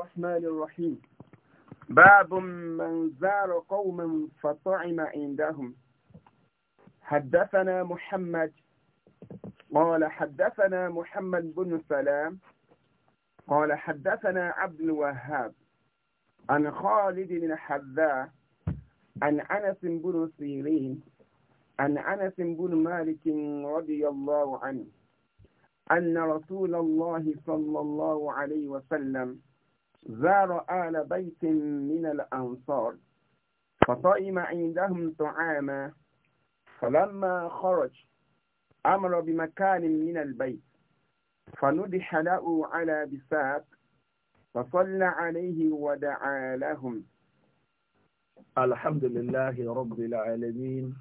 الرحمن الرحيم باب من زار قوما فطعم عندهم حدثنا محمد قال حدثنا محمد بن سلام قال حدثنا عبد الوهاب عن خالد بن حذاء عن أنس بن سيرين عن أنس بن مالك رضي الله عنه أن رسول الله صلى الله عليه وسلم زار آل بيت من الأنصار فطائم عندهم طعاما فلما خرج أمر بمكان من البيت فندح له على بساق فصلى عليه ودعا لهم الحمد لله رب العالمين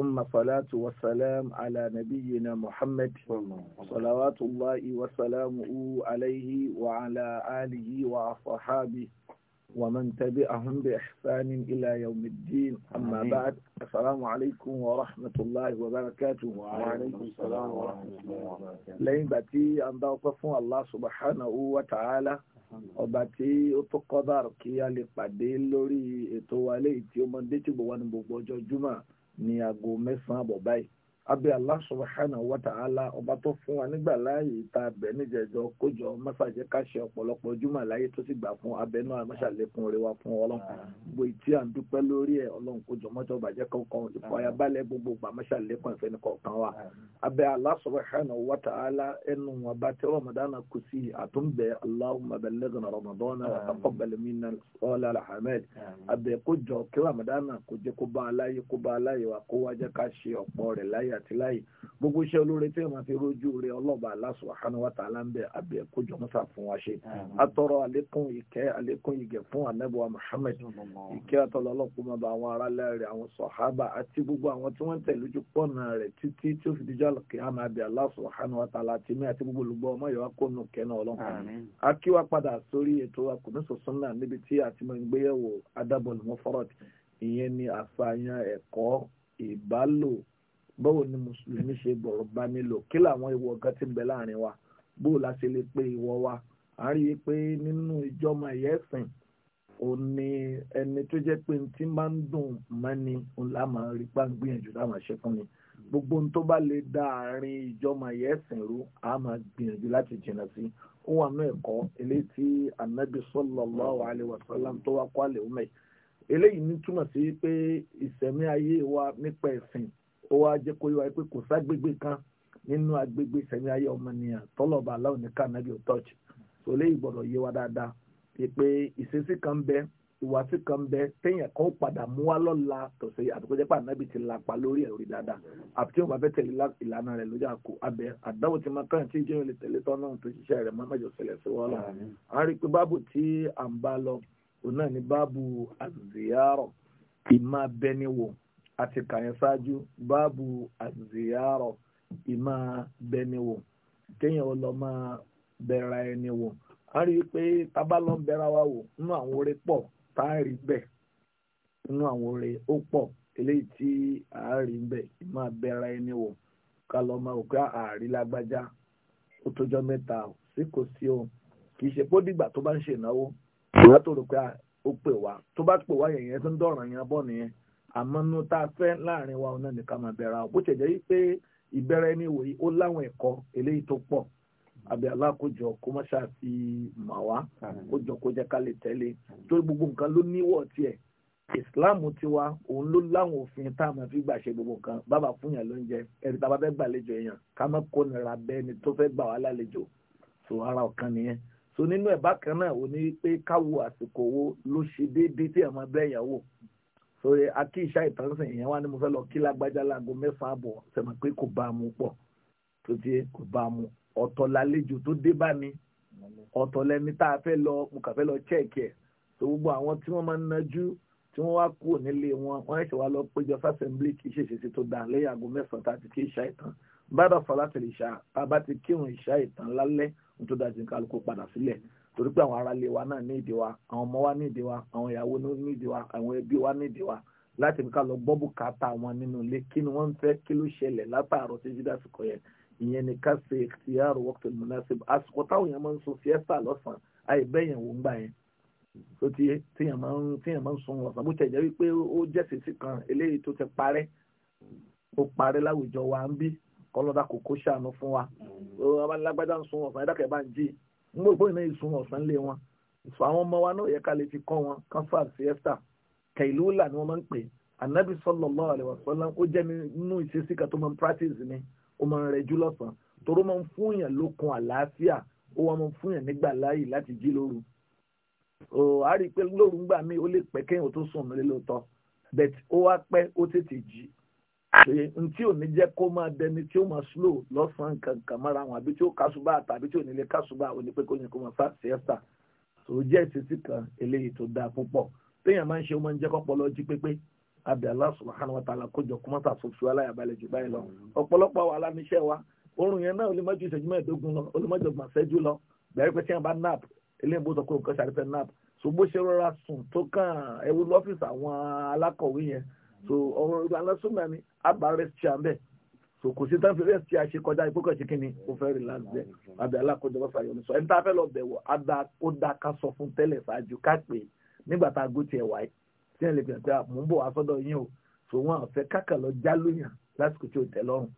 ثم صلاة والسلام على نبينا محمد صلوات الله وسلامه عليه وعلى آله وأصحابه ومن تبعهم بإحسان إلى يوم الدين أما بعد السلام عليكم ورحمة الله وبركاته وعليكم السلام ورحمة الله وبركاته لين باتي أن الله سبحانه وتعالى ọba tí ó tó kọ́dà kí a lè pàdé lórí ètò wa léyìí tí ó mọ dé tí gbogbo wa ní gbogbo ọjọ́ júmọ́ ní aago mẹ́sàn-án àbọ̀ báyìí abẹ́ Allah subhanahu wa ta'ala ọba tó fún wa nígbà láàyè ta abẹ́ níjẹ̀jọ́ kójọ mọ́sàjẹ́ ká ṣe ọ̀pọ̀lọpọ̀ ojúmọ̀ láyé tó sì gbà fún abẹ́ náà mọ́sàlẹ́kùn rẹ̀ wá fún ọlọ́run gbogbo ìtí à ń dúpẹ́ lórí ẹ̀ ọlọ́run kójọ mọ́tò bàjẹ́ kankan ìfọ̀ ayabalẹ̀ gbogbo gbà mọ́sàlẹ́kùn ìfẹ́ nìkọ̀ọ̀kan wa abẹ́ Allah subhanahu wa ta'ala ẹnu wọn bá tẹ Ramadan kù sí àtúnbẹ̀ Allahumma àti láyé gbogbo iṣẹ́ olóore tí wọ́n fi rojú rẹ ọlọ́ba Allah subhanahu wa ta'ala ń bẹ abẹ́ kójọ mọ́sà fún wa ṣe atọ́rọ àlékún ìkẹ́ àlékún ìgẹ̀ fún anábọ̀ Muhammad ìkẹ́ àtọ́lọ́ ọlọ́pọ̀ mọba àwọn ará lẹ́rẹ̀ àwọn sọ̀hábà àti gbogbo àwọn tí wọ́n tẹ̀ lójú pọ́nà rẹ̀ títí tí ó fi dijọ́ àlùkìyámà abẹ́ Allah subhanahu wa ta'ala ti mẹ́ àti gbogbo olùgbọ́ ọmọ yòówá kó nù kẹ́nà ọlọ́run akíwá padà sórí ètò akùnúsọ̀ sọ́nà níbi tí àtìmọ̀ ìgbéyẹ̀wò adábọ̀lùmọ́ fọ́rọ̀t ìyẹn báwo ni mùsùlùmí ṣe bọ̀rọ̀ bá nílò kí làwọn ìwọ̀ kan ti ń láàrin wa bó la ṣe lè pe ìwọ wa à ń rí i pé nínú ìjọmọ ẹ̀yẹ́ ẹ̀sìn òun ni ẹni tó jẹ́ pé tí máa ń dùn mọ́ni òun la máa rí pa ń gbìyànjú láwọn ṣe fún ni gbogbo ohun tó bá lè dá àárín ìjọmọ ẹ̀yẹ́ ẹ̀sìn rú a máa gbìyànjú láti jìnnà sí ó wà ní ẹ̀kọ́ eléyìí tí anabi sallallahu alaihi wasallam tó wá kọ́ àlè òun mẹ́ eléyìí ní túmọ̀ sí pé ìsẹ̀mí ayé wa nípa ẹ̀sìn ó wá jẹ́ kó yíwa pé kò ságbègbè kan nínú agbègbè sẹ́mi ayé ọmọnìyàn tọ́lọ̀bà aláwọ̀ ní kànáàbì ọ̀tọ́ọ̀chì tó lè gbọ́dọ̀ yé wa dáadáa pé ìṣesí kan bẹ ìwàsí kan bẹ téèyàn kan ó padà mú wá lọ́la tọ̀sẹ̀ àtúkọ́ jẹ́ pé ànábì ti lapa lórí ẹ̀rí dáadáa àbí tí wọ́n bá fẹ́ tẹ̀lé ìlànà rẹ̀ lójú àkó abẹ àdáwò tí máa kàn tí ìjọyìn lè tẹ̀lé tọ́ náà tó ṣiṣẹ́ rẹ̀ máa mẹ́jọ ṣẹlẹ̀ sí wọ́n lọ. a rí i pé báàbù tí à ń bá lọ òun náà ni báàbù àzìyárọ̀ ìmáa bẹ́ni wò àti kàyẹn ṣáájú báàbù àzìyàrọ̀ ìmọ̀ bẹniwò kéèyàn ó lọ máa bẹ̀ra ẹni wò á rí i pé tábà lọ bẹ̀ra wa wò nínú àwọn oore pọ̀ tá a rí bẹ̀ nínú àwọn oore ó pọ̀ eléyìí tí a rí bẹ̀ ìmọ̀ bẹ̀ra ẹni wò ká lọ máa wò pé lágbájá ó tójọ́ mẹ́ta ò sí kò sí o kì í ṣe pé ó dìgbà tó bá ń ṣe ìnáwó ìyá tó rò pé ó pè wá tó bá pè wá yẹn yẹn tó ń dọ̀ràn yẹn bọ̀ nìyẹn àmọ́ nínú tá a fẹ́ láàrin wa ọ̀nà nìkan máa bẹ̀rẹ̀ àwọn bó ṣe jẹ́ pé ìbẹ̀rẹ̀ ẹni wòye ó láwọn ẹ̀kọ́ eléyìí tó pọ̀ àbí alákòjọ kó má ṣàfi mà wá kójọ kó jẹ́ ká lè tẹ̀lé torí gbogbo nǹkan ló níwọ̀ tiẹ̀ ìsìláàmù tiwa òun ló láwọn òfin tá a máa fi gbà ṣe gbogbo nǹkan bàbá fún yàn lóúnjẹ ẹni tá a bá fẹ́ gbàlejò èèyàn ká má kó nira bẹ́ẹ̀ ni tó fẹ́ gbà wá lálejò so ara ọ̀kan nìyẹn so nínú ẹ̀ bákan náà ò pé káwo àsìkò wo ló ṣe déédéé tí ẹ̀ máa bẹ́ẹ̀ yàn wò sórí akí ìṣá ìtànsìn ìyẹn wá ní mo fẹ́ lọ kí lágbájá láago mẹ́sàn-án àbọ̀ sẹ̀mọ̀ pé kò bá a mú pọ̀ tó ti kò bá a mú ọ̀tọ̀ lálejò tó dé bá mi ọ̀tọ̀ lẹni tá a fẹ́ lọ mo kà fẹ́ lọ chẹ́ẹ̀kì ẹ̀ tó gbogbo àwọn tí wọ́n máa ń nájú tí wọ́n wá kúrò nílé wọn wọ́n ṣẹ̀ṣẹ̀ wá lọ péjọ sásẹ̀mblì kì í ṣèṣe sí tó dà lẹ́yìn aago mẹ́sàn tá a ti kí ìṣá ìtàn bá dà láti lè ṣá a bá ti kírun ìṣá ìtàn lálẹ́ nítorí àti nǹkan alùpùpù padà sílẹ̀ torí pé àwọn aráalé wa náà ní ìdí wa àwọn ọmọ wa ní ìdí wa àwọn ìyàwó ní ìdí wa àwọn ẹbí wa ní ìdí láti fi ká lọ gbọ́ bùkátà wọn nínú ilé kí ni wọ́n ń fẹ́ kí ló ṣẹlẹ̀ látàárọ̀ sí jídá sìkọ̀ yẹn ìyẹn ni ká ṣe ìyàrá wọ́pẹ̀ mùnásìbò àsìkò táwọn èèyàn máa ń sun fiesta lọ́sàn-án àyè bẹ́ẹ̀ yẹn wò ń gbà yẹn tó ti yé téèyàn máa ń téèyàn máa ń bó tẹ̀jẹ́ wípé ó jẹ́ sísì kan eléyìí tó ti parẹ́ ó parẹ́ láwùjọ wa ń bí kọ́lọ́dà kò kó ṣàánú fún wa ó lágbájá ń sun ọ̀sán ẹ̀dá kẹ̀ gbogbo iná ìsun ọ̀sán lé wọn ìsọ àwọn ọmọ wa náà yẹ ká lè fi kọ́ wọn kan fà siesta kẹ̀lúlà ni wọ́n máa ń pè anabi sallallahu alaihi wasallam ó jẹ́ nínú ìṣesí kan tó máa ń practice ni ó máa ń rẹjú lọ́sàn-án toró máa ń fún yàn lókun àlàáfíà ó wá máa ń fún yàn nígbà láàyè láti jí lóru ó á rí i pé lóru ńgbà míì ó lè pẹ́ kéèyàn tó sùn nílé lóòótọ́ bẹ́ẹ̀ ó wá pẹ́ ó tètè jí ṣe n tí ò ní jẹ́ kó máa dẹni tí ó máa slow lọ́sàn-án kankan mọ́ra wọn àbí tí ó kásùbà tàbí tí ò nílé kásùbà ò ní pé kó ní kó máa fà siesta tó jẹ́ ìṣesí kan eléyìí tó dáa púpọ̀ téèyàn máa ń ṣe máa ń jẹ́ kọ́pọ̀ jí pépé àbí Allah subhanahu wa ta'ala kójọ kó máa sàṣoṣù aláyàbalẹ̀ jù báyìí lọ ọ̀pọ̀lọpọ̀ wa aláníṣẹ́ wa oorun yẹn náà ó lè ìṣẹ́jú mẹ́ẹ̀ẹ́dógún lọ nap eléyìí bó sọ nap so bó ṣe rọra sùn tó kàn ẹ̀wù so ọmọ ìgbà alásùnà ni àbá rest chair so kò sí tán fi rest chair ṣe kọjá ìkókò ṣe kíni ó fẹ́ relax bẹ́ẹ̀ àbí alákòjọ bá fàyọ ni sọ ẹni tá a fẹ́ lọ bẹ̀wọ̀ ó dá ká sọ fún tẹ́lẹ̀ ṣáájú ká pè é nígbà tá a gó tiẹ̀ wáyé tí ẹ̀ lè bẹ̀rẹ̀ pé mò ń bọ̀ wá yín o so wọn àfẹ́ kákà lọ jálóyàn lásìkò tí ò tẹ́ lọ́rùn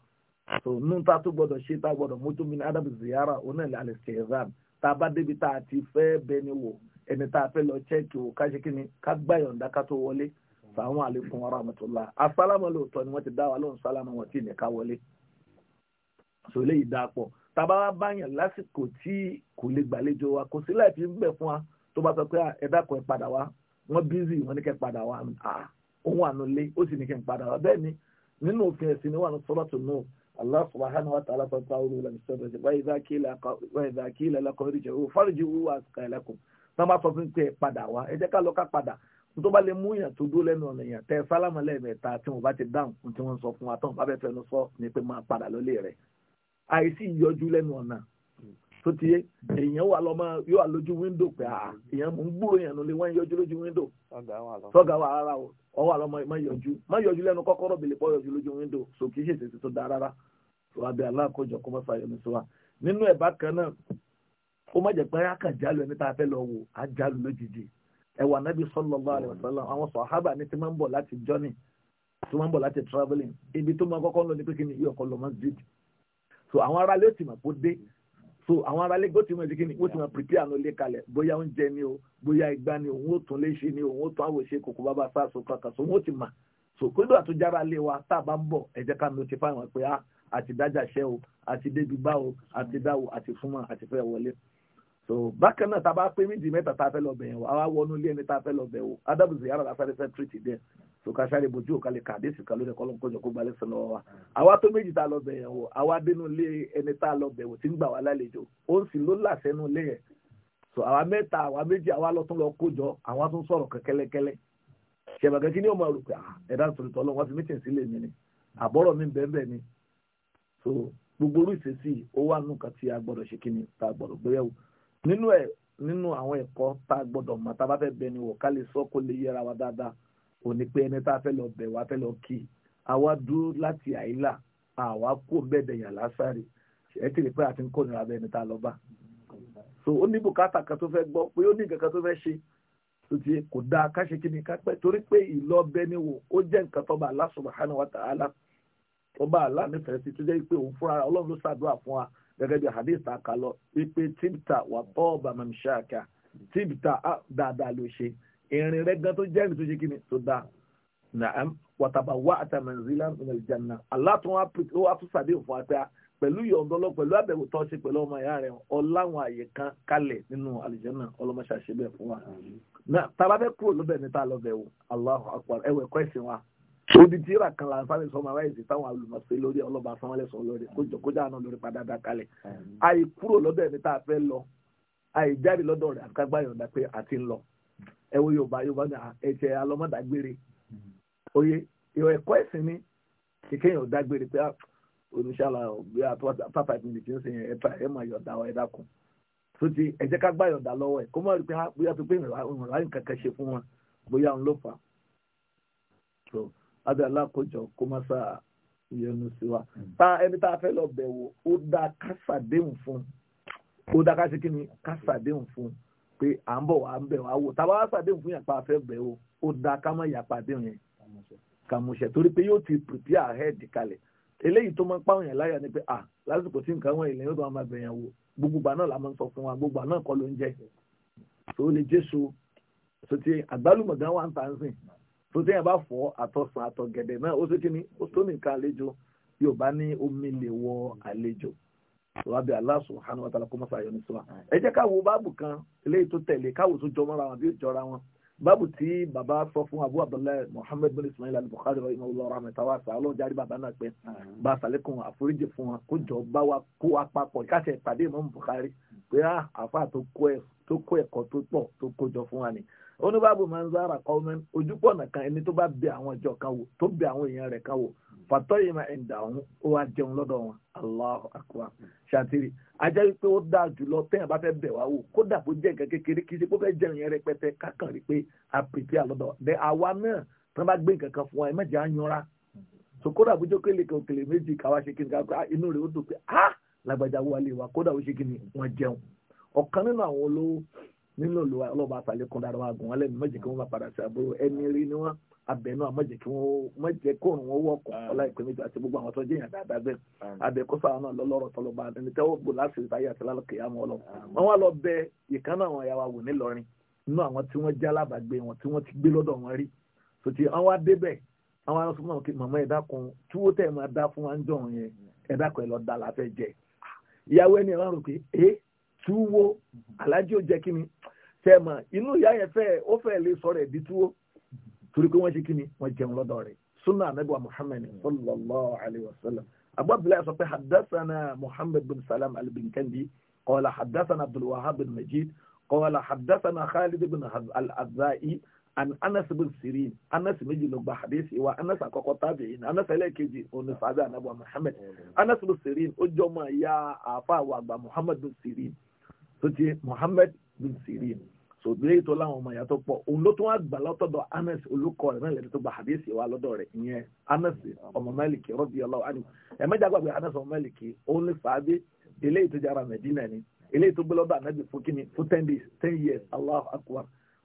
so nú ta tó gbọdọ̀ ṣe tá a gbọdọ̀ mójú mi ní adamu ziyara onílẹ̀ alistihzam tá a bá débi tá a ti sàwọn àlékún wa rahmatullah asálámà lóòótọ́ ni wọ́n ti dá wa lóhùn sálámà wọn tí ìnìka wọlé sòlé yìí dápọ̀ tábà wá báyàn lásìkò tí kò lè gbàlejò wa kò sílẹ̀ tí ń bẹ̀ fún wa tó bá sọ pé ah, ẹ dákun padà wá wọ́n bízì wọ́n ní kẹ́ padà wá òun ah, ànulé ó sì ní kẹ́ padà wá bẹ́ẹ̀ ni nínú òfin ẹ̀sìn ni wọ́n suratu Nuh Allah subhanahu wa ta'ala fa ta'awuru lam sabati wa idha qila wa idha qila laqad rji'u farji'u wa asqa lakum tán bá sọ fún pé padà wá ẹ jẹ́ ká lọ ká padà tó bá lè mú èèyàn tó dúró lẹ́nu ọ̀nà èèyàn tẹ sálámà lẹ́ẹ̀mẹ́ta tí wọ́n bá ti dáhùn ohun tí wọ́n sọ fún wa tán bá bẹ́ẹ̀ fẹnu sọ ni pé máa padà lólè rẹ̀ àìsí ìyọjú lẹ́nu ọ̀nà tó ti yé èèyàn wà lọ́mọ yóò wà lójú wíńdò pé à ah, èèyàn mú gbúrò èèyàn ló lè wọ́n yọjú lójú wíńdò sọ́gà wà rárá o ọ wà lọ́mọ má yọjú má yọjú so kì ṣe tètè tó da rárá sọ wà bí kó má fa yọnu sí wa nínú ẹ̀ bákan náà ó má ẹwà nábì sallallahu alaihi wasallam àwọn sàhábà ní ti máa ń bọ̀ láti journey tó máa ń bọ̀ láti travelling ibi tó máa kọ́kọ́ ń lọ ní pé kí ni yóò kọ́ lọ masjid so àwọn aráalé ti mà kó dé so àwọn aráalé gbó ti mọ̀ sí kí ni wọ́n ti mọ̀ prepare àná ilé kalẹ̀ bóyá oúnjẹ ni o bóyá ìgbà ni òun ó tún lé ṣe ni òun ó tún àwòṣe kòkó bàbá sars kankan so òun ó ti mà so kódà tó jára lé wa tá a bá ń bọ̀ ẹ ká notify wọn pé ah, a àti o àti bá o àti dáwò àti wọlé so bákan náà tá a bá pé méjì mẹ́ta tá a fẹ́ lọ bẹ̀yẹn wò àwa wọnú ilé ẹni tá a fẹ́ lọ bẹ̀ wò adabu ziyara la fẹ́ tírìtì dẹ̀ so ká sáré bojú òkàlẹ kàdésì kan lórí kọlọm kọjọ kó gbalẹ sọ lọ́wọ́ wa àwa tó méjì tá a lọ bẹ̀yẹn wò àwa dénú ilé ẹni tá a lọ bẹ̀ wò tí ń gbà wá lálejò ó sì ló làṣẹ nú ilé yẹn so àwa mẹ́ta àwa méjì àwa lọ tún lọ kójọ àwa tún sọ̀rọ̀ kẹkẹlẹkẹlẹ ṣẹbàgẹ kí ni ó máa rò pé ah, ẹ̀dá sọ̀rọ̀ ni àbọ̀rọ̀ ni so gbogbo orí ìṣesí ó wà nù kan tí a gbọ́dọ̀ nínú ẹ̀ nínú àwọn ẹ̀kọ́ tá a gbọ́dọ̀ mọ̀ tá a bá fẹ́ bẹ ni wò ká lè sọ kó lè yẹra wa dáadáa ò pé ẹni tá a fẹ́ lọ bẹ̀ wá fẹ́ lọ kí i àwa dúró láti àyílà àwa kó bẹ́ẹ̀dẹ̀yà lásàrè ẹ ti rí pé àti ń kó nira bẹ́ẹ̀ ni tá a lọ bá so ó ní bùkátà kan tó fẹ́ gbọ́ pé ó ní nǹkan kan tó fẹ́ ṣe tó ti kò dáa ká ṣe kíni ká pẹ́ torí pé ìlọ bẹ́ẹ̀ ni wò ó jẹ́ nǹkan tọ́ba Allah subhanahu wa ta'ala tọ́ba Allah nífẹ̀ẹ́ sí tó jẹ́ pé òun fúnra ọlọ́run ló ṣàdúrà fún wa gẹ́gẹ́ bí hadith àkàlọ ipe tibta wà bọ́ọ̀bà mamishaka tibta dáadáa ló ṣe ìrìn rẹ gan tó jẹ́ ìrìn kíni tó dáa naam wàtàbà wà àtàmẹ̀nzílà minal janna alátún wà tún sàdé òfò àtà pẹ̀lú yọ̀ǹdọ́lọ́ pẹ̀lú àbẹ̀wò tó ṣe pẹ̀lú ọmọ ìyá rẹ̀ ọláwọn àyè kan kalẹ̀ nínú àlùjànnà ọlọ́mọṣàṣe bẹ́ẹ̀ fún wa. tàbá fẹ́ kúrò lọ́bẹ̀ níta lọ́bẹ̀ wò Allahu akbar ẹ̀wẹ̀ kọ́ ẹ̀sìn wa sódì tí ra kan la sáré sọmọ àwọn èsì táwọn alùmọ̀sẹ̀ lórí ọlọ́ba sanwó-ẹlẹ́ sọ lórí kójọ kójà náà lórí padà kalẹ̀ àì kúrò lọ́dọ̀ ẹni tá a fẹ́ lọ àì jáde lọ́dọ̀ rẹ̀ àkágbá yọ̀ǹda pé a ti ń lọ ẹ wo yorùbá yorùbá ní ẹ̀jẹ̀ alọ́mọdàgbére oyè ìwọ ẹ̀kọ́ ẹ̀sìn ni kékéyàn dágbére pé ah, oníṣàlà bí apáta ìpínlẹ̀ tí ń sìn ẹ̀ ẹ̀ máa yọ̀ǹda ọ̀ ẹ̀ dákun tó ti ẹ̀jẹ̀ kágbá yọ̀ǹda lọ́wọ́ abẹ́ alákòjọ kó má sá ìyọnu sí wa hmm. ta ẹni tá a fẹ́ lọ bẹ̀ wò ó dá kásàdéhùn fún ó dá kásì kí ni kásàdéhùn fún pé à ń bọ̀ wá ń bẹ̀ wá wò tàbá wá sàdéhùn fún yàpá fẹ́ bẹ̀ wò ó dá ká má yàpá déhùn yẹn kàmùṣẹ̀ torí pé yóò ti prepare ahead kalẹ̀ eléyìí tó máa ń pààyàn láyà ni pé à lásìkò tí nǹkan wọn ìlẹ́yìn tó máa bẹ̀yàn wò gbogbo gbà náà la máa ń sọ fún wa gbogbo gbà náà kọ́ ló ń jẹ́ tó lè jésù sotí àgbálùmọ̀gán wà ń tà ń sìn tó tẹ́yìn bá fọ́ àtọ̀sán àtọ̀gẹ̀dẹ̀ náà ó sì kí ni ó tó nìkan àlejò yóò bá ní omi lè wọ àlejò rabi Allah subhanahu wa ta'ala kó mọ́sá ayọ̀ ní sọ́wọ́. ẹ jẹ́ ká wo báàbù kan eléyìí tó tẹ̀lé káwò tó jọmọ́ ra wọn bí ó jọra wọn. báàbù tí bàbá sọ fún abu abdullahi muhammed bin ismail al-bukhari rahimahullah rahmatan wa sàlọ́ jáde bàbá náà pé bá a sàlékún àforíjì fún wọn kó jọ bá wa kó apapọ̀ káṣẹ ìpàdé imam bukhari pé ah, àfa tó kó ẹ̀kọ́ tó pọ̀ tó kó jọ fún wa ni oníbàbò máa ń zára kọ́mẹ́ ojúpọ̀ nìkan ẹni tó bá bẹ àwọn ìjọ kan wò tó bẹ àwọn èèyàn rẹ̀ kan wò fàtọ́ yìí máa ń dà òun ó wá jẹun lọ́dọ̀ wọn Allahu akbar ṣàtìrì ajá wípé ó dáa jùlọ téèyàn bá fẹ́ bẹ̀ wá wò kódà bó jẹ́ nǹkan kékeré kì ṣe pé fẹ́ jẹun yẹn rẹpẹtẹ kákan rí pé a pèpè àlọ́dọ̀ bẹ àwa náà tí wọ́n bá gbé nǹkan kan fún wa ẹ má jẹ́ á yanra so kódà bó jókè lè kòkèlè méjì káwa nínú olùwà ọlọ́ba àtàlẹ́kùn dára wa gùn wọn mọ̀jẹ̀ kí wọ́n bá padà sí àbúrò ẹni rí ni wọ́n abẹ́nú àmọ̀jẹ̀ kí wọ́n mọ̀jẹ̀ kóòrùn wọn wọ̀kọ̀ ọlá ìpè méjì àti gbogbo àwọn tó jẹ́yàn dáadáa bẹ́ẹ̀ abẹ́kọ́sọ àwọn náà lọ́lọ́rọ̀ tọlọba ẹni tẹ́wọ́ gbò láti rí táyé àti lálọ́kẹ́ yá wọn wọ́n wá lọ bẹ ìkànnà àwọn wa wò nílọrin nínú àwọn tí wọ́n jẹ́ alábàgbé wọn tí wọ́n ti gbé ìyàwó sẹ́mà inú ìyá yẹn fẹ́ ó fẹ́ lè sọ̀rọ̀ ẹ̀dí túwó torí pé wọ́n ṣe kí ni wọ́n jẹun lọ́dọ̀ rẹ̀ sunna anabiwa muhammed sallallahu alayhi wa sallam agbábìlẹ̀ sọ pé hadassana muhammed bin salam albinkendi qala hadassana abdulwahab bin majid qala hadassana khalid bin al-azai an anas bin sirin anas méjì ló gba hadisi wa anas àkọ́kọ́ tabi'in anas ẹlẹ́ẹ̀kejì onífàdé anabiwa muhammed anas bin sirin ó jọmọ ya àfa àwọn àgbà muhammed bin sirin tó ti muhammed bin sirin so tó láwọn ọmọ ìyá tó pọ̀ òun ló tún wá gbà lọ́tọ̀dọ̀ anas olùkọ́ rẹ̀ náà lẹ́nu tó gba hadisi wa lọ́dọ̀ rẹ̀ ìyẹn anas ọmọ Málìkì radiyallahu anhu ẹ̀mẹ́jà gbàgbé anas ọmọ Málìkì òun ní fàábí eléyìí tó ni eléyìí tó gbé lọ́dọ̀ anabi fún kíni fún ten days ten years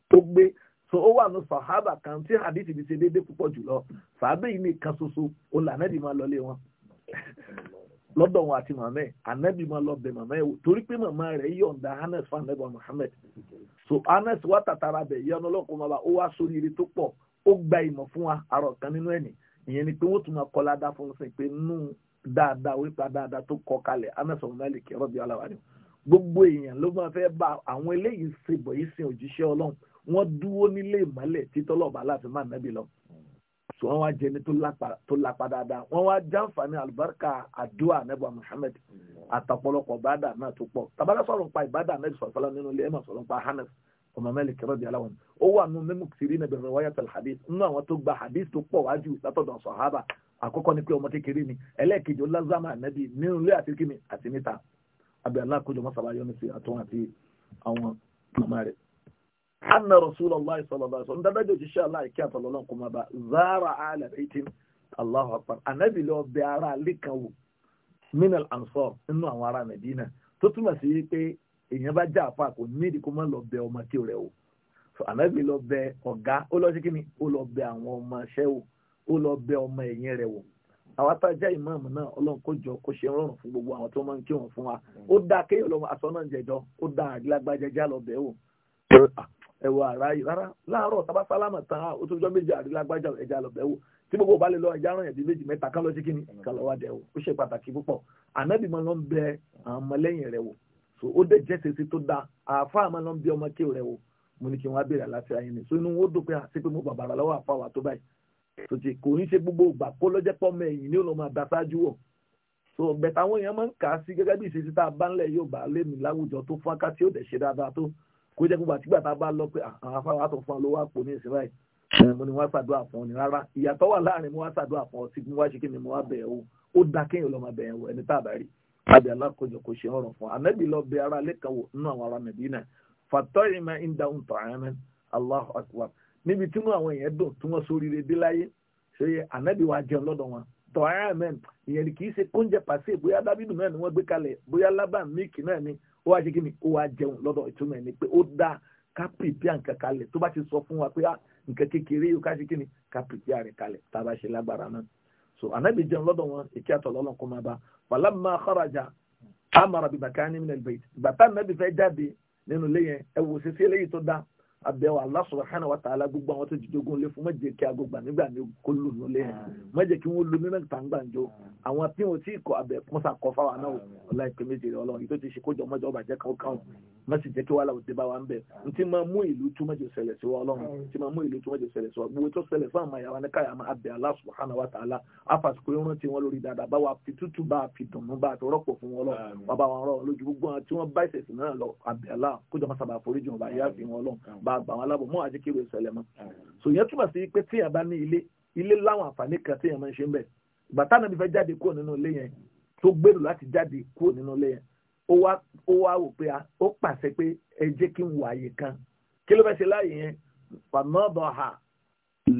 tó gbé so ó wà ní sahaba kan tí ti ṣe déédéé púpọ̀ jùlọ fàábí yìí ṣoṣo lànà lọ́dọ̀ wọn àti màmá ẹ̀ ànábì máa lọ bẹ̀ màmá ẹ̀ wò torí pé màmá rẹ̀ yọ̀ǹda Anas fún ànábì Muhammad so Anas wà tàtàrà bẹ̀ yẹn ọlọ́kùnrin bàbá ó wá sórí ire tó pọ̀ ó gba ìmọ̀ fún wa àrọ̀ kan nínú ẹ̀ ìyẹn ni pé wọ́n tún máa kọ́lá dá fún un sí pé nù dáadáa wípa dáadáa tó kọ́ kalẹ̀ Anas ọ̀hún náà lè kí ọ̀rọ̀ bí ọlá ni gbogbo èèyàn ló máa fẹ́ bá àwọn eléyìí ṣe yìí sin òjíṣẹ́ Ọlọ́run wọ́n dúró nílé ìmọ́lẹ̀ títọ́lọ́ọ̀bá láti má nábì lọ́wọ́ tí wọ́n wá jẹni tó lápá dáadáa wọ́n wá jàǹfààní àlùbáríkà àdúrà nẹ́bà Muhammad àtàpọ̀lọpọ̀ ìbádà náà tó pọ̀ tàbádà sọ̀rọ̀ pa ìbádà nẹ́bì sọ̀rọ̀sọ̀rọ̀ nínú ilé ẹ̀mà sọ̀rọ̀ pa hanef ọmọ mẹ́lẹ̀ kẹrọ di aláwọ̀ ni ó wà nù mímú kìrì nẹ́bì rẹwáyà tẹ̀lé hadith nínú àwọn tó gba hadith tó pọ̀ wájú látọ̀dọ̀ sọ̀hábà àkọ́kọ́ ni pé ọmọ kékeré ni ẹlẹ́ẹ̀kejì ó lázàmà nínú ilé àti kíni àti níta abẹ́ aláàkójọ mọ́sàlá yọ́nù sí àti àwọn màmá rẹ̀. anna rasulallah sallallahu alaihi wasallam dábẹ́jọ́ òjíṣẹ́ aláìkí àtọ̀lọ́lọ́ kò máa bá zara alẹ́ eighteen allahu akbar anabi lọ bẹ ara alẹ́kan wò minal ansor nínú àwọn ará nàìjíríà tó túmọ̀ sí pé èèyàn bá já àfa kò nídìí lọ lọ àwọn náà jọ gbogbo àwọn tó máa ń fún wa ó dáa kéèyàn aṣọ ẹ̀wọ̀ ara yìí rárá láàárọ̀ tábà sálámà tán ó tún jọ méjì àrílágbájá ẹja lọ bẹ̀wò tí gbogbo ọba lè lọ ẹja ràn yẹn di méjì mẹ́ta kán lọ sí kíni kán lọ wá dẹ̀ wò ó ṣe pàtàkì púpọ̀ ànábì máa lọ ń bẹ àwọn ọmọlẹ́yìn rẹ̀ wò so ó dẹ̀ jẹ́sẹ̀ sí tó dáa àáfà máa lọ ń bẹ ọmọ kéwù rẹ̀ wò mo ní kí wọ́n á béèrè àlàáfíà yẹn ni so inú wọn ó dùn pé àti pé mo bàbàrà lọ́wọ́ àfa wà tó báyìí so ti kò so bẹ̀tà àwọn èèyàn máa ń kà á sí gẹ́gẹ́ bí ìṣesí tá a bá ńlẹ̀ yóò bá lé mi láwùjọ tó fún akátí ó dẹ̀ ṣe dáadáa tó kó jẹ́ gbogbo àtìgbà tá a bá lọ pé ah, àwọn afárá wa tó fún wa ló wá pò ní ìsìn báyìí hmm. mo ní wá ṣàdúrà fún ọ ní rárá ìyàtọ̀ wà láàrin mo wá ṣàdúrà fún ọ tí mo wá ṣe kí ni mo wá bẹ̀ ẹ́ o ó da kéèyàn lọ́mọ bẹ̀ ẹ́ o ẹni tá a bá rí àbí alákòjọ kò ṣe ọ̀rọ̀ fún anabi lọ bẹ ara lẹ́ka wò nínú àwọn ará Mẹdínà fatọ́ ìmọ̀ ìdáhùn tọ̀ ẹ̀mẹ́ Allahu akbar níbi tí mo àwọn èèyàn dùn tí wọ́n sóríire dé láyé ṣe anabi wa jẹun lọ́dọ̀ wọn tọ̀ ẹ̀mẹ́ ìyẹn kì í ṣe kóúnjẹ pàṣẹ bóyá dábìdù náà ni wọ́n gbé kalẹ̀ bóyá lábàá náà ni ó wá ṣe kí ni ó wá jẹun lọ́dọ̀ ìtumọ̀ ẹ̀ ni pé ó dá ká pèpè nǹkan kalẹ̀ tó bá ti sọ fún wa pé ah, nǹkan kékeré yóò ká ṣe kí ni ká pèpè rẹ̀ kalẹ̀ tá a bá ṣe lágbára náà so anabi jẹun lọ́dọ̀ wọn èké àtọ̀ lọ́lọ́ kó máa bá falamma kharaja amara bìbàkà ní minal bayt bàtà nàbì fẹ́ jáde nínú ilé yẹn ẹ wò sí sí eléyìí tó dá abẹ́wò Allah subhanahu wa ta'ala gbogbo àwọn tó ti jogún lé fún má jẹ́ kí agbègbà nígbà ní kó lò ní olè má jẹ́ kí wọ́n lò nínú tàǹgbàǹjo àwọn tí wọ́n ti kọ abẹ́ kọ́sà kọ́ fáwọn náà ọ̀la ìpè méjì rẹ̀ ọlọ́run yìí tó ti ṣe kójọ mọ́jọ́ ọbàjẹ́ kan ó kàn mọ́sí jẹ́ kí wàhálà òde bá wa ń bẹ̀ ntí máa mú ìlú túmọ̀ jù ṣẹlẹ̀ sí wa ọlọ́run ntí máa mú ìlú túmọ̀ jù ṣẹlẹ̀ sí wa gbogbo tó ṣẹlẹ̀ fún àmọ́ ìyàwó anáka yàrá abẹ́ Allah subhanahu wa ta'ala afàsìkò irun tí wọ́n lórí dáadáa bá wa fi tútù bá fi dùnnú bá fi rọ́pò fún wọn lọ wà bá wọn rọ lójú gbogbo tí wọ́n bá ìṣẹ̀sìn náà lọ abẹ́ Allah kójọ máa sábà foríjì wọn bá yá fi wọn lọ bá gbà wọn lábọ̀ mọ́ àjẹkí ìwé ìṣẹ̀lẹ̀ mọ́ so yẹn túmọ̀ sí pé tíyàn bá ní ilé ilé láwọn àǹfààní kan tíyàn máa ń ṣe ń bẹ̀ gbàtà náà bí fẹ́ jáde kúrò nínú ilé yẹn tó gbèrò láti jáde kúrò nínú ilé yẹn ó wá ó wá wò pé ó pàṣẹ pé ẹ jẹ́ kí n wò àyè kan kí ló fẹ́ ṣe láàyè yẹn fàmọ́bọ̀ ha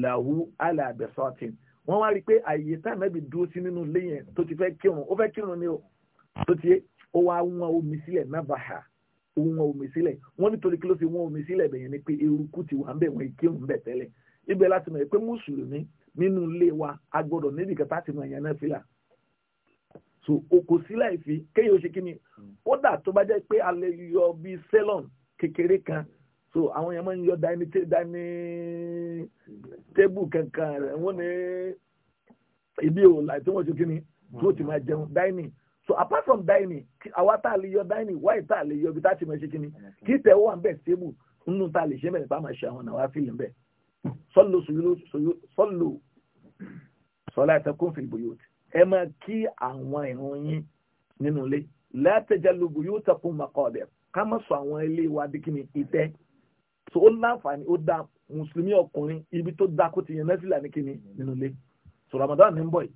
làwù alàbẹ̀sọ̀tìn wọ́n wá rí i pé àyè tá ànábì dúró sí nínú ilé yẹn tó ti fẹ́ kírun ó fẹ́ kírun ni o tó ti ó wá wọn omi sílẹ̀ nábàá ó wọn omi sílẹ̀ wọ́n nítorí kí ló fi wọn omi sílẹ̀ bẹ̀yẹn ni pé eruku ti wà ń bẹ̀ wọ́n kírun bẹ̀ tẹ́lẹ̀ ibẹ̀ láti mọ̀ pé mùsùlùmí nínú ilé wa a gbọ́dọ̀ níbi kan tá ti mọ̀ ẹ̀yàn náà fìlà so okò sí láìfi kéèyàn ó ṣe kí ni ó dà tó bá jẹ́ pé a lè yọ bí sẹ́lọ̀n kékeré kan so àwọn èèyàn máa ń yọ dání dání tébù kankan rẹ̀ wọ́n ní ibi ò láì tí wọ́n ṣe kí ni tí ó ti máa jẹun dání so apart from dining àwa tá a lè yọ dining wáyé tá a lè yọ ibi tá a ti mọ ṣe kíni kí tẹ ó wà ń bẹ stable nínú tá a lè ṣe mẹ́rin bá máa ṣe àwọn àwọn afílẹ̀ bẹ́ẹ̀ sọ́lù sọ́lù sọ́lù sọ́lá ẹ̀tẹ̀kùn fìlì bòyó ti ẹ máa kí àwọn ìrun yín nínú ilé látẹjálógún yóò tẹkùn màkọọdẹ ká má sọ àwọn ilé wa di kí ni ìtẹ́ so ó láǹfààní ó dá mùsùlùmí ọkùnrin ibi tó dá kó ti yẹn nẹ́sìlà ní kí ni nínú ilé so Ramadan ní ń bọ̀ yìí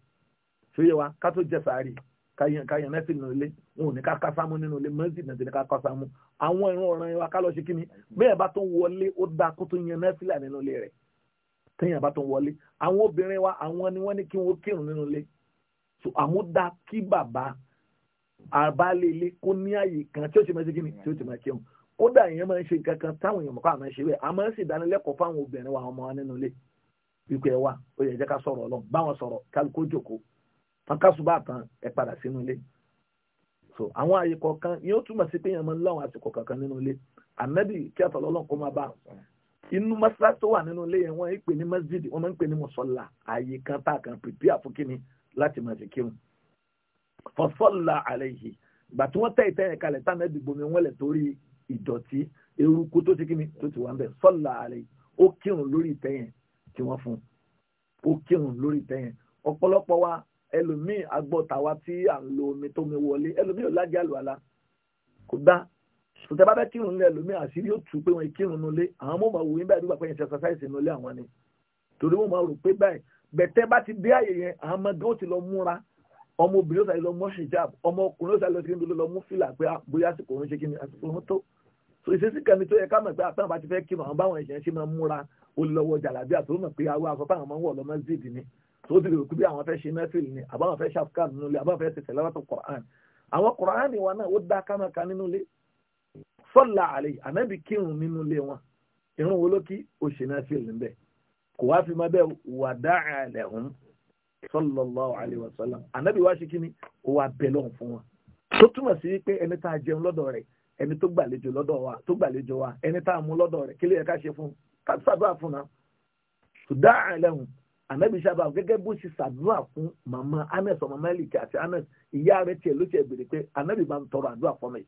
ṣé yẹ wa ká tó jẹ sàárì ka yẹn mẹ́sìn nínú ilé wọn ò ní ká kásámú nínú ilé mẹ́sìn náà ti ní ká kásámú àwọn ìran ọ̀ràn wa ká lọ ṣe kí ni bẹ́ẹ̀ bá tó wọlé ó da kó tó yẹn mẹ́sìn là nínú ilé rẹ̀ téèyàn bá tó wọlé àwọn obìnrin wa àwọn ni wọ́n ní kí wọ́n kírun nínú ilé so àmúdá kí bàbá àbálẹ̀lẹ̀ kó ní àyè kan tí ó ti máa ṣe kí ni tí ó ti máa kírun kódà èèyàn máa ń ṣe nǹkan táwọn èèyàn mọ̀ káwọn ṣe bẹ́ẹ̀ a sì dánilẹ́kọ̀ọ́ fáwọn obìnrin wa ọmọ wa nínú ilé wípé ẹ wá ó yẹ jẹ́ ká sọ̀rọ̀ ọlọ́run báwọn sọ̀rọ̀ kálukó jòkó fankásùbà tán ẹ padà sínú ilé so àwọn àyè kọ̀ọ̀kan yóò túmọ̀ sí pé èèyàn máa ń láwọn àsìkò kankan nínú ilé ànábì kí àtọ̀lọ́ ọlọ́run kó máa bá inú mọ́sálásí tó wà nínú ilé yẹn wọ́n ń pè ní masjid wọ́n máa ń pè ní mọ́sọ́lá àyè kan tá a kan pèpè àfúkíní láti máa fi kírun fọsọ́là àlẹ́ yìí ìgbà tí wọ́n tẹ́ ìtẹ́ yẹn kalẹ̀ táwọn ẹbí gbomi wọn lẹ̀ torí ìdọ̀tí eruku tó ti kíni tó ti wà ń bẹ̀ sọ́là àlẹ́ yìí ó kírun lórí ìtẹ́ yẹn tí wọ́n fún un ó kírun lórí ìtẹ́ yẹn ọ̀pọ̀lọpọ̀ wa ẹlòmíì agbọ́tàwa tí à ń lo omi tómi wọlé ẹlòmíì ò lájẹ́ àlùwàlá kò dá sọtẹ bá bẹ kírun nílẹ̀ lómi àṣírí yóò tú pé wọn kírun nulẹ̀ àwọn ọmọ òwúyín báyìí dúpọ̀ pé yẹn ṣe exercise bẹ̀tẹ́ bá ti dé àyè yẹn àwọn ọmọdé ó ti lọ múra ọmọ obìnrin ó sàlẹ̀ lọ mú hijab ọmọ ọkùnrin ó sàlẹ̀ lọ sí kíni lọ mú fìlà pé ah, bóyá àsìkò òun ṣe kíni àsìkò òun tó so ìṣesí kan ni tó yẹ ká mọ̀ pé àtàwọn bá ti fẹ́ kí mọ̀ àwọn báwọn ẹ̀ṣẹ̀ ṣe máa múra olùlọ́wọ́ jàlábí àtòwò mọ̀ pé àwọn afọ́fà máa ń wọ̀ lọ́mọ zid ni tó ti rò pé àwọn fẹ́ ṣe mẹ́fìlì ni àbáwọn fẹ́ ṣàfikà nínú ilé àbáwọn fẹ́ ṣe tẹ̀lẹ́wàtò Qur'an àwọn Qur'an wa náà ó dá kámẹ́ka nínú ilé sọ́là àlè ànábì kírun nínú ilé wọn ìrún wo ló kí òṣèlú mẹ́fìlì ń bẹ́ẹ̀ kò wá fi máa bẹ́ẹ̀ wà dáhà lẹ́hùn sallallahu alayhi wa sallam ànábì wá sí kíni ó wá bẹ̀ lọ́hùn fún wọn. tó túmọ̀ sí pé ẹni tá a jẹun lọ́dọ̀ rẹ̀ ẹni tó gbàlejò lọ́dọ̀ wa tó gbàlejò wa ẹni tá a mú lọ́dọ̀ rẹ̀ kí ló ká ṣe fún ká fún náà. dáhà lẹ́hùn ànábì sábà gẹ́gẹ́ bó ṣe ṣàdúrà fún màmá Anas ọmọ Malik àti Anas ìyá rẹ̀ tiẹ̀ ló tiẹ̀ bèrè pé ànábì máa ń tọrọ àdúrà fún mi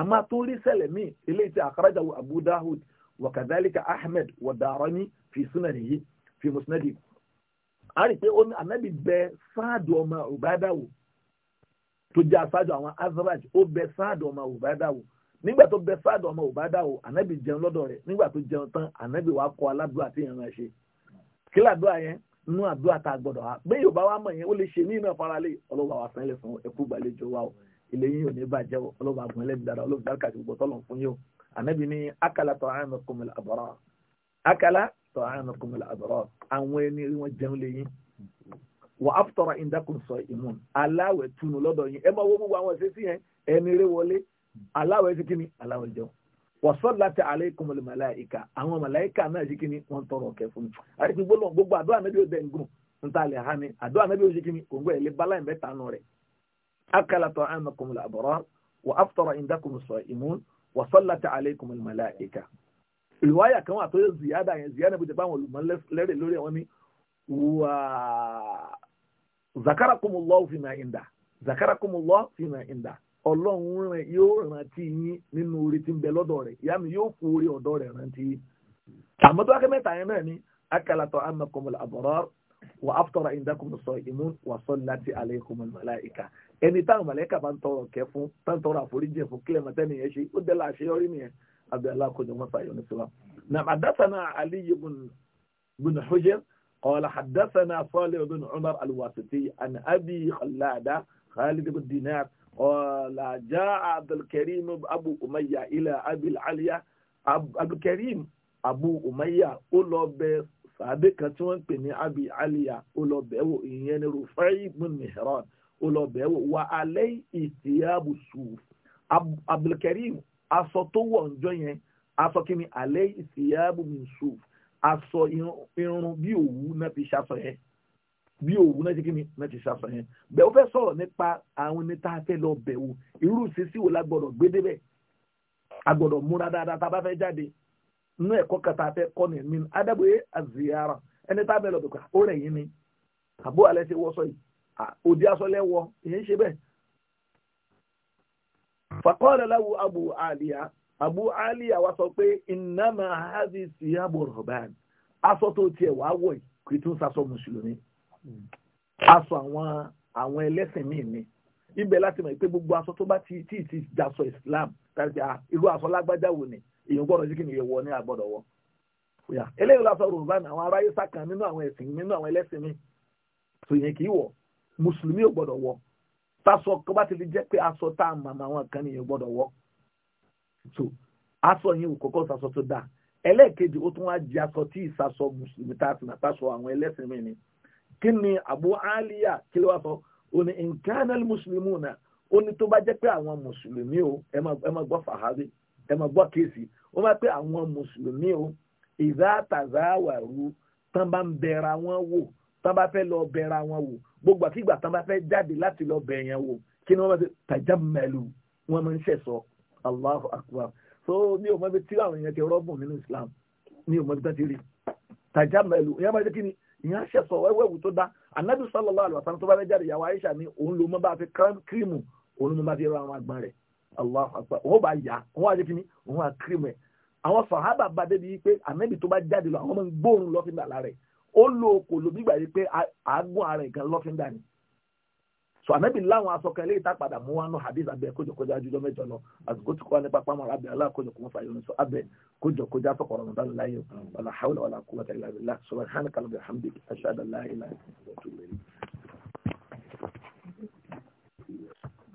àmọ́ àtúndí sẹ́lẹ̀ míì eléyìí tí àkàràjà Abu Dawud وكذلك ahmed والدارمي في سننه في musnadi a rí i pé ó ní anabi bẹ sáàdù ọmọ ọ̀bádàwò tó jẹ́ aṣáájú àwọn azraj ó bẹ sáàdù ọmọ ọ̀bádàwò nígbà tó bẹ sáàdù ọmọ ọ̀bádàwò anabi jẹun lọ́dọ̀ rẹ̀ nígbà tó jẹun tán anabi wàá kọ́ aládùúgbò àti ìrìn ṣe kí làdúrà yẹn nú àdúrà tá a gbọ́dọ̀ ha bẹ́ẹ̀ yóò bá wa mọ̀ yẹn ó lè ṣe ní iná faralé ọlọ́wà wa sàn ilẹ̀ fún ẹkú gbàlejò wa o ilé yín ò ní bàjẹ́ o ọlọ́wà àgbọ̀n ẹlẹ́dàá ọlọ́wà dárúkà gbogbo tọ́lọ̀ fún yín o ànábì ní akala ta'amakum al-abrar akala ta'amakum al-abrar àwọn ẹni wọn jẹun lẹ́yìn wà aftara indakum sa'imun aláwẹ̀ tunu lọ́dọ̀ yín ẹ máa wo gbogbo àwọn ìṣesí yẹn ẹni rẹ wọlé aláwẹ̀ ti kíni aláwẹ̀ jẹun wa sallati alaykum almalaika àwọn màláìka náà ṣe kíni wọ́n tọrọ ọ̀kẹ́ fún mi àti gbólóhùn gbogbo àdó ànábì ó dẹ̀ ń gùn níta lè ha ni àdó ànábì ó ṣe kíni òǹgbẹ́ ilé bala ẹ̀ mẹ́ta nù rẹ̀ akala ta'amakum al-abrar wa aftara indakum sa'imun wàsọ́láta aleikum malaika ìwáyà kan wà tó yẹ ziyada yẹn ziyada bó ti bá àwọn olùmọ̀ lẹ́rẹ̀ lórí wọn ni wà zakarakumullahu fi ma inda zakarakumullahu fi ma inda ọlọ́run rẹ̀ yóò rántí yín nínú orí tí ń bẹ lọ́dọ̀ rẹ̀ ìyá mi yóò kú orí ọ̀dọ́ rẹ̀ rántí yín àmọ́ tó wákẹ́ mẹ́ta yẹn náà ni akalatọ̀ amakumul abrar wà áfítọ́ra ìdákùnmù sọ ìmú wà sọ láti alaykum màláìka ẹni táwọn màláìka bá ń tọrọ kẹ fún tá ń tọrọ àforíjì fún kílẹ̀ mọ́tẹ́ni yẹn ṣe ó dẹ́la àṣeyọrí nìyẹn abdullah kojú wọn sàyọ ní síwá. na àdásánà aliyu bin hujr قال حدثنا صالح بن عمر الواسطي عن أبي خلادة خالد بن دينار قال جاء عبد الكريم أبو أمية إلى أبي العليا عبد الكريم أبو أمية ó lọ bẹ̀ sàbẹ kan tí wọ́n ń pè ní abi aliya ó lọ bẹ̀ wò ìyẹn ní rufai ibn mihran ó lọ bẹ̀ wò wà alẹ́ ìtìyàbù sùf abdulkareem aṣọ tó wọ̀ ǹjọ́ yẹn aṣọ kí ni alẹ́ ìtìyàbù min aṣọ irun bí òwú náà fi ṣaṣọ yẹn bí òwú náà ti kí ni náà ti ṣaṣọ yẹn bẹ́ẹ̀ ó fẹ́ sọ̀rọ̀ nípa àwọn ẹni tá a fẹ́ lọ bẹ̀ irú sísí wo la gbọ́dọ̀ gbé débẹ̀ a múra dáadáa tá a bá fẹ́ jáde nínú ẹ̀kọ́ kata fẹ́ kọ́ ní ẹ̀mí adábò yẹ àzìyàrá ẹni tá a bẹ̀rẹ̀ lọ́dọ̀ kà ó rẹ̀ yín ni àbó alẹ́ ṣe wọ́sọ yìí òdi aṣọ lẹ́wọ́ ìyẹn ṣe bẹ́ẹ̀. faqala lahu abu aliya abu aliya wa sọ pé innama hazi siyabu rọ̀bán aṣọ tó tiẹ̀ wá wọ̀ yìí kì tún sasọ mùsùlùmí aṣọ àwọn àwọn ẹlẹ́sìn míì ni ibẹ̀ láti mọ̀ pé gbogbo aṣọ tó bá ti ti ti jasọ islam tàbí irú aṣọ lágbájá wò ni èèyàn gbọ́dọ̀ sí kí ni ní wọ. eléyìí la sọ yorùbá ní àwọn aráyé sákàn nínú àwọn ẹ̀sìn nínú àwọn ẹlẹ́sìn mi tó yẹn kì í wọ̀ mùsùlùmí ò gbọ́dọ̀ tásọ kó bá ti fi jẹ́ pé aṣọ tá a màmá àwọn kan so aṣọ yẹn ò kọ́kọ́ sasọ tó dáa ẹlẹ́ẹ̀kejì ó tún wá aṣọ tí ìsasọ mùsùlùmí tá a tásọ àwọn ẹlẹ́sìn Abu kí ló wá sọ mùsùlùmí náà ó ní o ẹ wọ́n bá pé àwọn mùsùlùmí o ìdá àtàzáwàrú tán bá ń bẹ̀ra wọn wò tán bá fẹ́ lọ bẹ̀ra wọn wò gbogbo àtìgbà tán bá fẹ́ jáde láti lọ bẹ̀ yẹn wò kí ni wọ́n bá ti tajammalu wọ́n máa ń ṣẹ̀sọ́ Allahu akbar so mi ò mọ ibi tí àwọn èèyàn ti rọ́bùn nínú Islam mi ò mọ ibi tí ti rí tajammalu ìyá máa ṣe kí ni ìyẹn aṣẹ̀sọ̀ wẹ́wẹ́wù tó dá anabi sallallahu alaihi wasallam tó bá fẹ́ jáde ìyàwó ni òun ló mọ́ bá fi kírímù Allahu Akbar wọ́n ba ya. wọ́n wá jẹ́kí ni wọ́n wá kírìmù ẹ̀ àwọn sàhábà bá débi pé ànábì tó bá jáde lọ àwọn ọmọ ń gbóòórùn lọ́fíńdà lára ó lo okò bí gbà yí pé àágùn ara ìkan lọ́fíńdà ni so ànábì láwọn asọ̀kan eléyìí tá padà mú wánú hadith abẹ kójọkójọ ajújọ mẹ́jọ lọ àsìkò tí kò wá nípa pamọ́ abẹ aláàkójọ kò wọ́n fà yọnu abẹ kójọkójọ afọkọrọ mọ̀tà ló láyé wàlá hawla wàlá quwwata illa